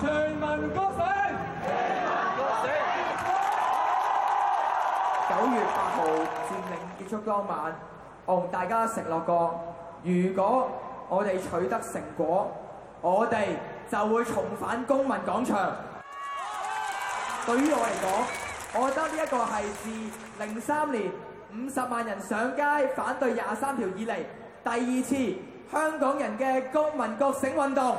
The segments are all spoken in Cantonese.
全民覺醒！九月八號佔領結束當晚，我同大家承諾過，如果我哋取得成果，我哋就會重返公民廣場。對於我嚟講，我覺得呢個係自零三年五十萬人上街反對廿三條以來第二次香港人嘅公民覺醒運動。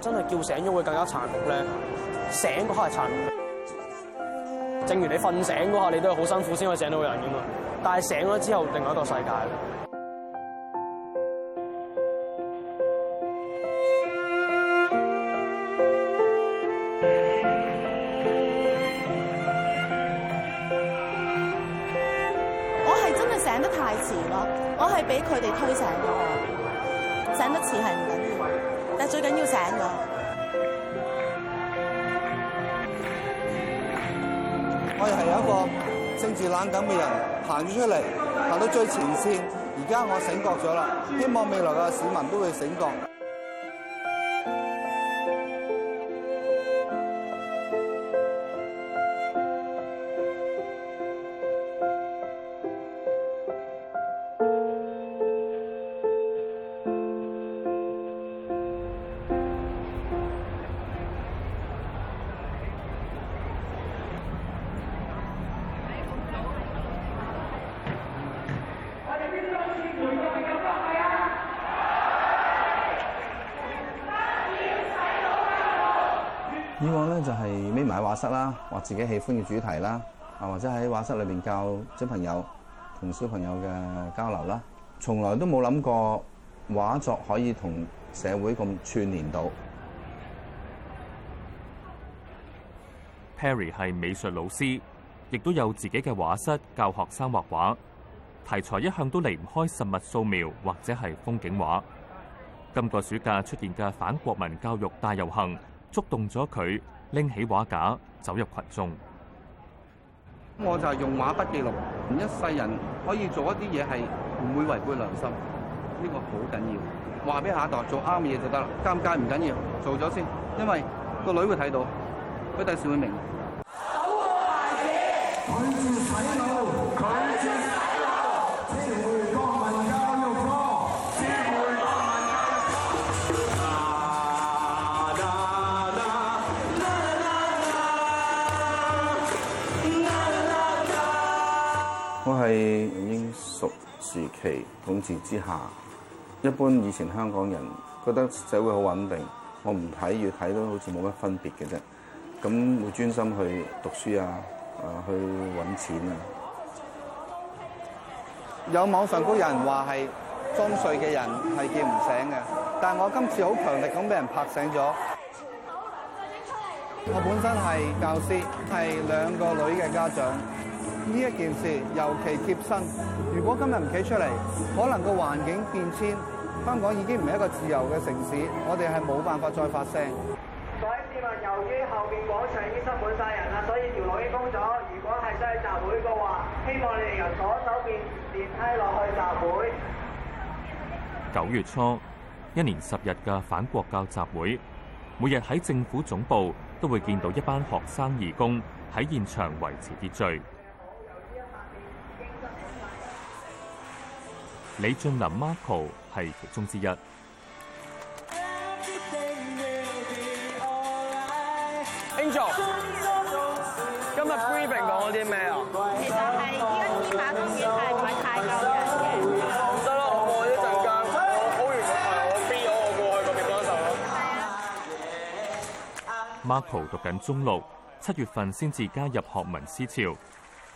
真係叫醒咗會更加殘酷咧，醒刻係殘酷。正如你瞓醒嗰下，你都係好辛苦先可以醒到個人噶嘛，但係醒咗之後，另外一個世界。我係真係醒得太遲咯，我係俾佢哋推醒咗啊！醒得遲係。但最緊要醒！我又係一個政治冷感嘅人，行咗出嚟，行到最前線。而家我醒覺咗啦，希望未來嘅市民都會醒覺。畫室啦，畫自己喜歡嘅主題啦，啊或者喺畫室裏面教小朋友同小朋友嘅交流啦，從來都冇諗過畫作可以同社會咁串聯到。Perry 係美術老師，亦都有自己嘅畫室教學生畫畫，題材一向都離唔開實物素描或者係風景畫。今、這個暑假出現嘅反國民教育大遊行，觸動咗佢。拎起畫架走入群眾，我就係用畫筆記錄，唔一世人可以做一啲嘢係唔會違背良心，呢個好緊要。話俾下一代做啱嘅嘢就得啦，尷尬唔緊要，做咗先，因為個女會睇到，佢第時會明。我係英屬時期統治之下，一般以前香港人覺得社會好穩定，我唔睇越睇都好似冇乜分別嘅啫，咁會專心去讀書啊，啊去揾錢啊。有網上有人話係裝睡嘅人係叫唔醒嘅，但係我今次好強力咁俾人拍醒咗。我本身係教師，係兩個女嘅家長。呢一件事尤其貼身，如果今日唔企出嚟，可能個環境變遷，香港已經唔係一個自由嘅城市。我哋係冇辦法再發聲。各位市民，由於後面廣場已經塞滿晒人啦，所以條路已經封咗。如果係想去集會嘅話，希望你哋由左手邊電梯落去集會。九月初，一連十日嘅反國教集會，每日喺政府總部都會見到一班學生義工喺現場維持秩序。李俊林 Marco 係其中之一。Angel，今日 brief 講咗啲咩啊？其實係依家司法公園係唔係太夠人先？唔得咯，我依陣間我好完場啦，我 B 我過去嗰邊玩一陣啦。Marco 讀緊中六，七月份先至加入學民思潮。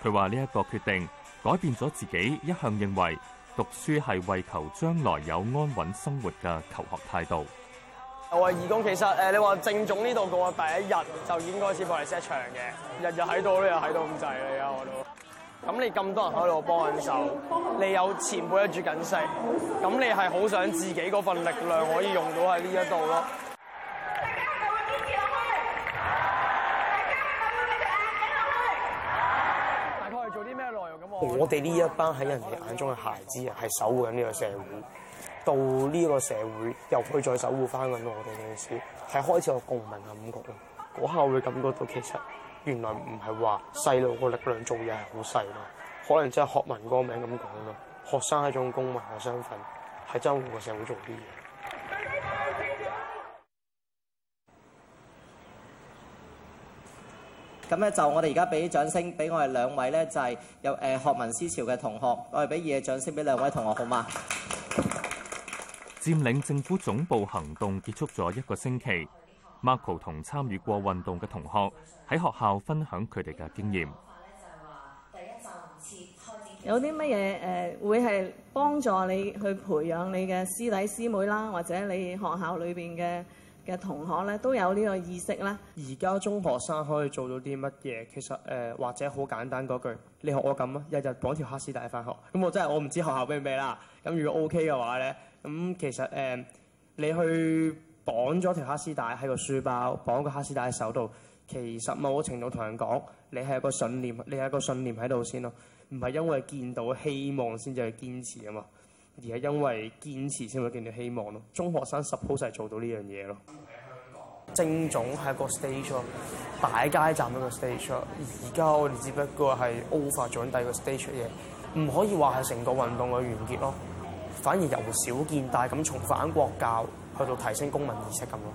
佢話呢一個決定改變咗自己一向認為。讀書係為求將來有安穩生活嘅求學態度。我話義工其實誒，你話政總呢度過第一日就已經開始放嚟 set 場嘅，日日喺度咧又喺度咁滯啦，我度。咁你咁多人喺度幫緊手，你有前輩煮緊食，咁你係好想自己嗰份力量可以用到喺呢一度咯。我哋呢一班喺人哋眼中嘅孩子啊，係守護緊呢個社會，到呢個社會又去再守護翻緊我哋老師，係開始有共鳴嘅感覺咯。嗰刻我會感覺到其實原來唔係話細路個力量做嘢係好細咯，可能真係學民個名咁講咯，學生係一種公民嘅身份，係周護個社會做啲嘢。咁咧，就我哋而家俾啲掌聲俾我哋兩位咧，就係有誒學民思潮嘅同學，我哋俾嘢掌聲俾兩位同學好嘛？佔領政府總部行動結束咗一個星期，Marco 同參與過運動嘅同學喺學校分享佢哋嘅經驗。有啲乜嘢誒會係幫助你去培養你嘅師弟師妹啦，或者你學校裏邊嘅？嘅同學咧都有呢個意識啦。而家中學生可以做到啲乜嘢？其實誒、呃，或者好簡單嗰句，你學我咁啊，日日綁條黑絲帶翻學。咁我真係我唔知學校俾唔俾啦。咁如果 OK 嘅話咧，咁其實誒、呃，你去綁咗條黑絲帶喺個書包，綁個黑絲帶喺手度，其實某程度同人講，你係有個信念，你係一個信念喺度先咯，唔係因為見到希望先至去堅持啊嘛。而係因為堅持先會見到希望咯。中學生 suppose 係做到呢樣嘢咯。政總係一個 stage 咯，大街站一個 stage 咯。而家我哋只不過係 over 咗第二個 stage 嘅嘢，唔可以話係成個運動嘅完結咯。反而由小見大咁，從反國教去到提升公民意識咁咯。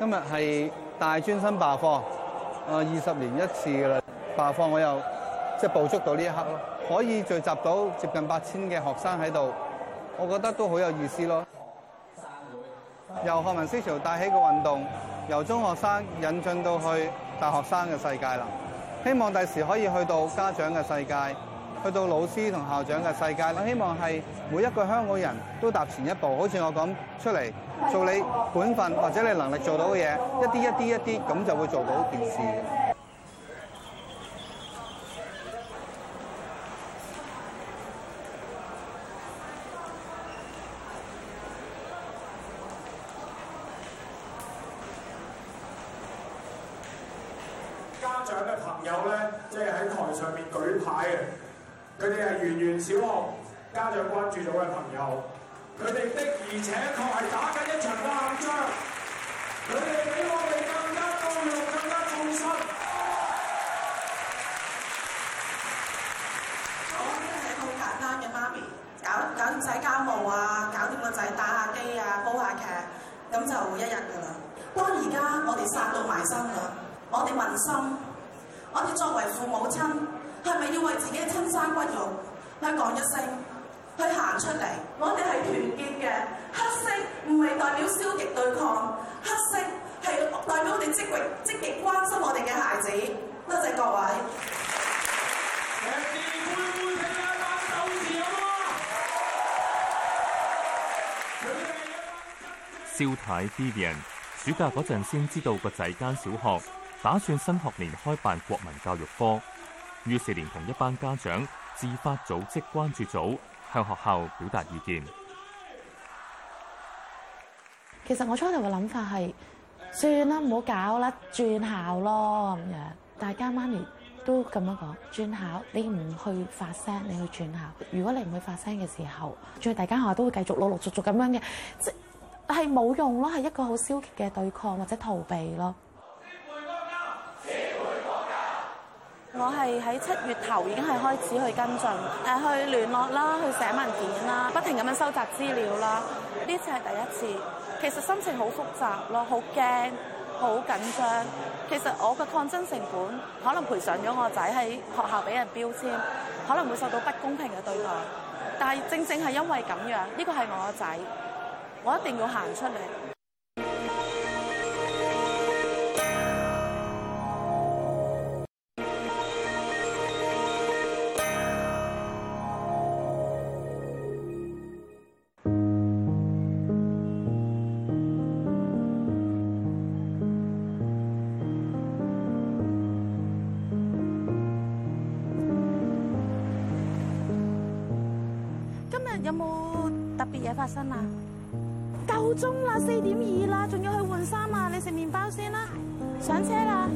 今日係大專生罷課，二十年一次嘅啦，罷課我又即係捕捉到呢一刻咯，可以聚集到接近八千嘅學生喺度，我覺得都好有意思咯。由學民思潮帶起嘅運動，由中學生引進到去大學生嘅世界啦，希望第時可以去到家長嘅世界。去到老師同校長嘅世界，我希望係每一個香港人都踏前一步，好似我咁出嚟做你本分或者你能力做到嘅嘢，一啲一啲一啲咁就會做到件事。小學家長關注咗嘅朋友，佢哋的而且確係打緊一場。焦太 Vivian 暑假嗰陣先知道個仔間小學打算新學年開辦國民教育科，於是連同一班家長自發組織關注組，向學校表達意見。其實我初頭嘅諗法係算啦，唔好搞啦，轉校咯咁樣。大家媽咪都咁樣講，轉校你唔去發聲，你去轉校。如果你唔去發聲嘅時候，最大間學校都會繼續陸陸續續咁樣嘅即。但係冇用咯，係一個好消極嘅對抗或者逃避咯。我係喺七月頭已經係開始去跟進，誒去聯絡啦，去寫文件啦，不停咁樣收集資料啦。呢次係第一次，其實心情好複雜咯，好驚，好緊張。其實我嘅抗爭成本可能賠上咗我仔喺學校俾人標籤，可能會受到不公平嘅對待。但係正正係因為咁樣，呢個係我個仔。我一定要行出嚟。今日有冇特別嘢發生啊？到鐘啦，四點二啦，仲要去換衫啊！你食麵包先啦，上車啦。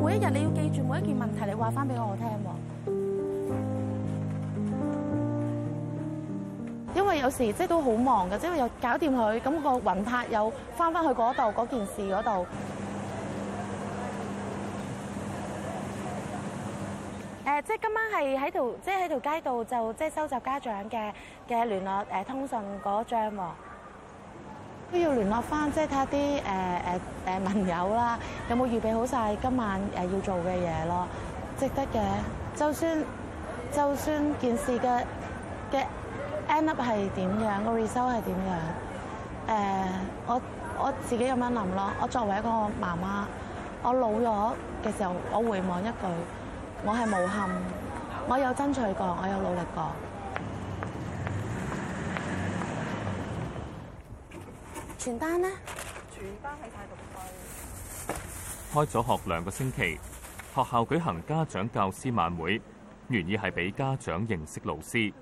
每一日你要記住每一件問題，你話翻俾我聽喎。因為有時即係都好忙嘅，即係又搞掂佢，咁個云塔又翻翻去嗰度嗰件事嗰度。誒，即係今晚係喺度，即係喺條街度就即係收集家長嘅嘅聯絡誒通訊嗰張喎。都要聯絡翻，即係睇下啲誒誒誒盟友啦，有冇預備好晒今晚誒要做嘅嘢咯？值得嘅，就算就算件事嘅嘅 end up 係點樣，個 result 係點樣？誒，我我自己咁樣諗咯。我作為一個媽媽，我老咗嘅時候，我回望一句。我係無憾，我有爭取過，我有努力過。傳單呢，傳單係太浪費。開咗學兩個星期，學校舉行家長教師晚會，原意係俾家長認識老師。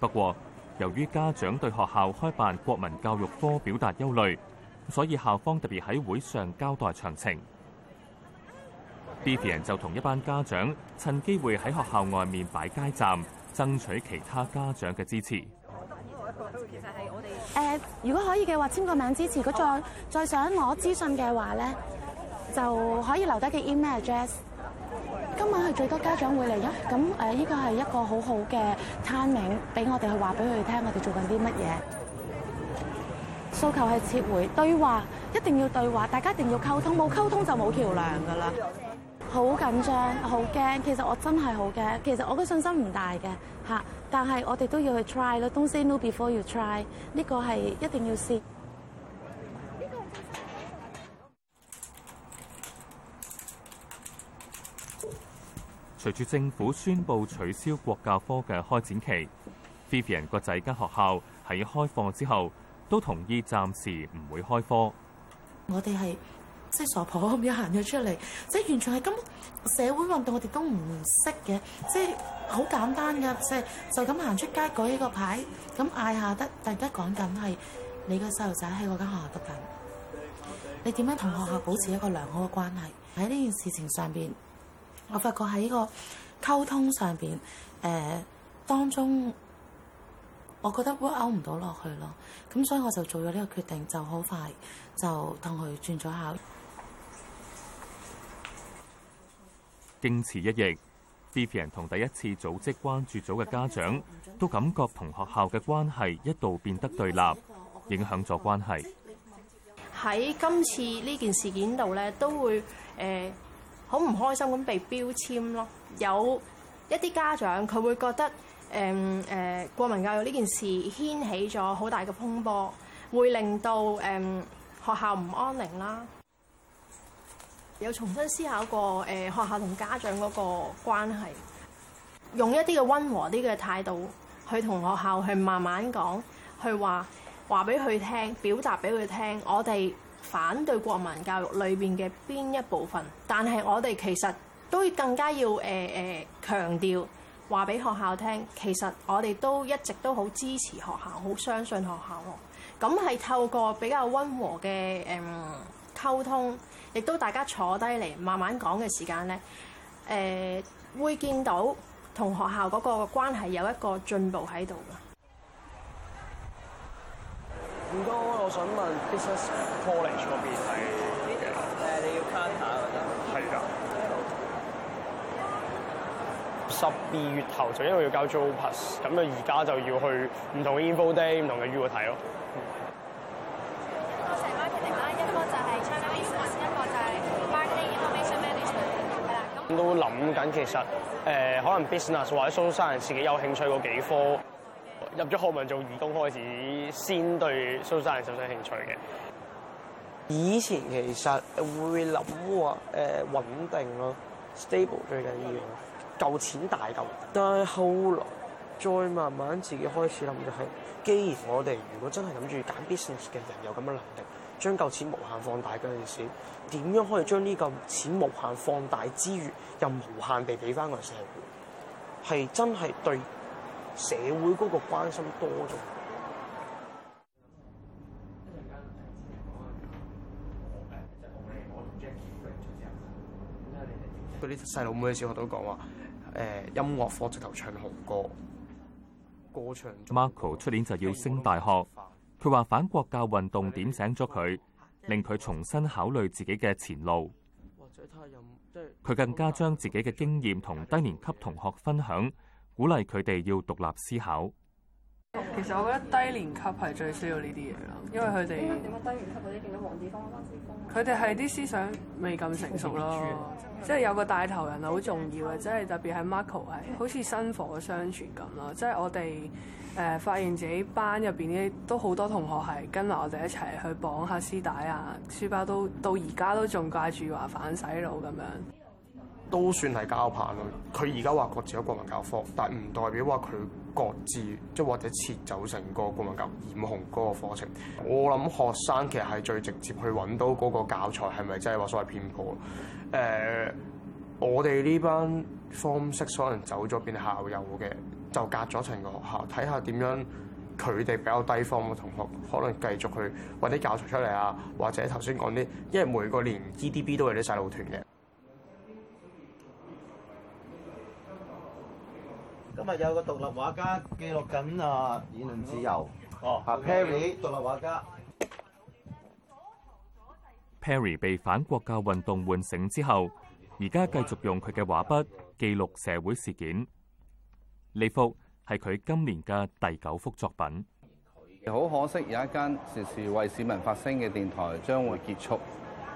不過，由於家長對學校開辦國民教育科表達憂慮，所以校方特別喺會上交代詳情。Vivian 就同一班家長趁機會喺學校外面擺街站，爭取其他家長嘅支、呃、支持。如果可以嘅話，簽個名支持。再再想攞資訊嘅話咧，就可以留低嘅 email address。今晚係最多家長會嚟啊，咁誒依個係一個很好好嘅 timing，俾我哋去話俾佢哋聽，我哋做緊啲乜嘢。訴求係撤回對話，一定要對話，大家一定要溝通，冇溝通就冇橋樑噶啦。好緊張，好驚。其實我真係好驚。其實我嘅信心唔大嘅吓，但係我哋都要去 try 咯。 Don't say no before you try。呢個係一定要試。隨住政府宣布取消國教科嘅開展期，Vivian 個仔間學校喺開課之後，都同意暫時唔會開課。我哋係。即傻婆咁樣行咗出嚟，即係完全係根本社會運動，我哋都唔識嘅。即係好簡單嘅，就就咁行出街舉呢個牌，咁嗌下得，大家間講緊係你個細路仔喺嗰間學校得緊，你點樣同學校保持一個良好嘅關係？喺呢件事情上邊，我發覺喺呢個溝通上邊，誒、呃、當中我覺得會勾唔到落去咯。咁所以我就做咗呢個決定，就好快就同佢轉咗校。經此一役，支持 n 同第一次組織關注組嘅家長都感覺同學校嘅關係一度變得對立，影響咗關係。喺今次呢件事件度咧，都會誒好唔開心咁被標籤咯。有一啲家長佢會覺得誒誒、呃、國民教育呢件事掀起咗好大嘅風波，會令到誒、呃、學校唔安寧啦。有重新思考過誒、呃、學校同家長嗰個關係，用一啲嘅溫和啲嘅態度去同學校去慢慢講，去話話俾佢聽，表達俾佢聽，我哋反對國民教育裏邊嘅邊一部分，但係我哋其實都要更加要誒誒、呃呃、強調話俾學校聽，其實我哋都一直都好支持學校，好相信學校喎。咁係透過比較溫和嘅誒、呃溝通，亦都大家坐低嚟慢慢講嘅時間咧、呃，會見到同學校嗰個關係有一個進步喺度嘅。唔該，我想問 business college 嗰邊係誒你要 plan 下覺得？係㗎。十二月頭就因為要交租 pass，咁啊而家就要去唔同嘅 info day，唔同嘅 u 去睇咯。一科就係 China 一個就係 marketing information management，係啦。咁都諗緊，其實誒、呃、可能 business 或者 social science 自己有興趣嗰幾科，入咗學民做義工開始，先對 social science 有少少興趣嘅。以前其實會諗話誒穩定咯，stable 最緊要，夠錢大嚿。但係後來。再慢慢自己開始諗就係，既然我哋如果真係諗住揀 business 嘅人有咁嘅能力，將夠錢無限放大嗰陣時，點樣可以將呢嚿錢無限放大之餘，又無限地俾翻我哋社會，係真係對社會嗰個關心多咗。佢啲細佬妹嘅小學都講話，誒、欸、音樂課直頭唱紅歌。Marco 出年就要升大學，佢話反國教運動點醒咗佢，令佢重新考慮自己嘅前路。他佢更加將自己嘅經驗同低年級同學分享，鼓勵佢哋要獨立思考。其實我覺得低年級係最需要呢啲嘢啦，因為佢哋點樣低年級嗰啲變到黃子峰？方思峯？佢哋係啲思想未咁成熟咯，即係有個帶頭人係好重要嘅，即係特別係 Marco 係好似薪火相傳咁咯，即係我哋誒、呃、發現自己班入邊啲都好多同學係跟埋我哋一齊去綁下絲帶啊、書包都到而家都仲掛住話反洗腦咁樣，都算係交棒啦。佢而家話各自有國民教科，但係唔代表話佢。各自即係或者撤走成個顧問教染紅嗰個課程，我諗學生其實係最直接去揾到嗰個教材係咪真係話所謂偏頗誒，uh, 我哋呢班 Form 6可能走咗變校友嘅，就隔咗層個學校，睇下點樣佢哋比較低 form 嘅同學可能繼續去揾啲教材出嚟啊，或者頭先講啲，因為每個年 EDB 都係啲細路團嘅。今日有個獨立畫家記錄緊啊，言論自由。哦、啊、Perry 獨立畫家。Perry 被反國教運動喚醒之後，而家繼續用佢嘅畫筆記錄社會事件。呢幅係佢今年嘅第九幅作品。好可惜，有一間時事為市民發聲嘅電台將會結束。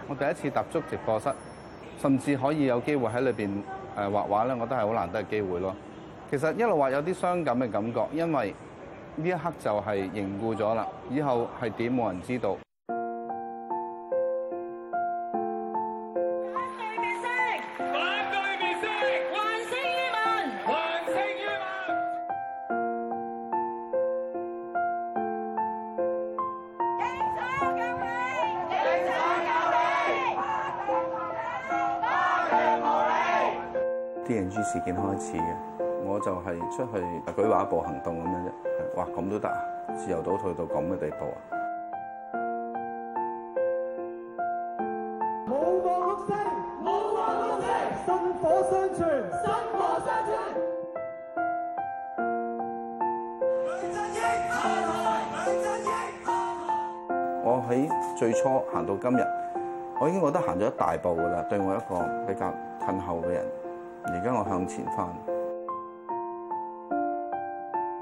我第一次踏足直播室，甚至可以有機會喺裏邊誒畫畫咧，我都係好難得嘅機會咯。其實一路話有啲傷感嘅感覺，因為呢一刻就係凝固咗啦，以後係點冇人知道。反對面反對面試，還清冤案，還清冤案。D&G 事件開始嘅。 我就係出去舉畫一步行動咁樣啫，哇咁都得啊？自由倒退到咁嘅地步啊！冇話哭聲，薪火相傳，薪火相傳。我喺最初行到今日，我已經覺得行咗一大步噶啦。對我一個比較退後嘅人，而家我向前返。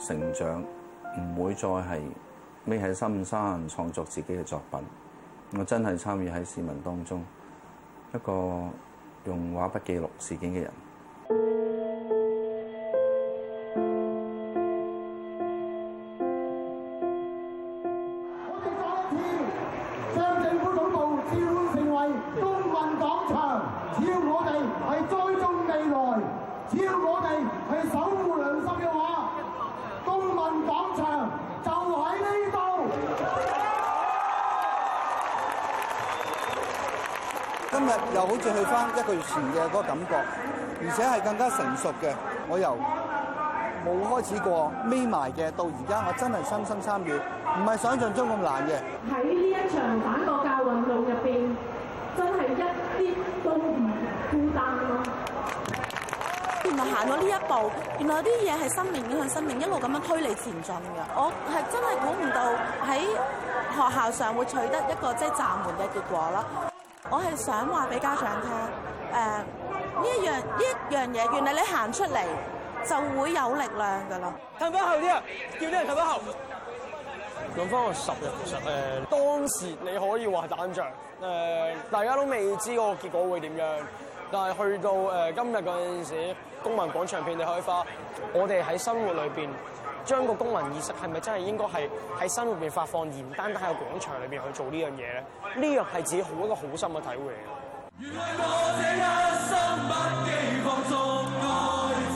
成長唔會再係匿喺深山創作自己嘅作品，我真係參與喺市民當中一個用畫筆記錄事件嘅人。以前嘅嗰個感覺，而且係更加成熟嘅。我由冇開始過眯埋嘅，到而家我真係深深參與，唔係想象中咁難嘅。喺呢一場反國教運動入邊，真係一啲都唔孤單咯。原來行到呢一步，原來有啲嘢係生命影響生命一路咁樣推你前進嘅。我係真係估唔到喺學校上會取得一個即係暫緩嘅結果啦。我係想話俾家長聽。誒、uh, 呢一樣呢樣嘢，原嚟你行出嚟就會有力量噶啦！褪返後啲啊，叫啲人褪返後。諗翻我十日，其實誒、呃、當時你可以話係打緊仗、呃，大家都未知個結果會點樣。但係去到誒、呃、今日嗰陣時，公民廣場遍地開花。我哋喺生活裏面將個公民意識係咪真係應該係喺生活入邊發放，而唔單單喺個廣場裏邊去做呢樣嘢咧？呢樣係自己好一個好深嘅體會嚟嘅。原諒我這一生不羈放縱愛。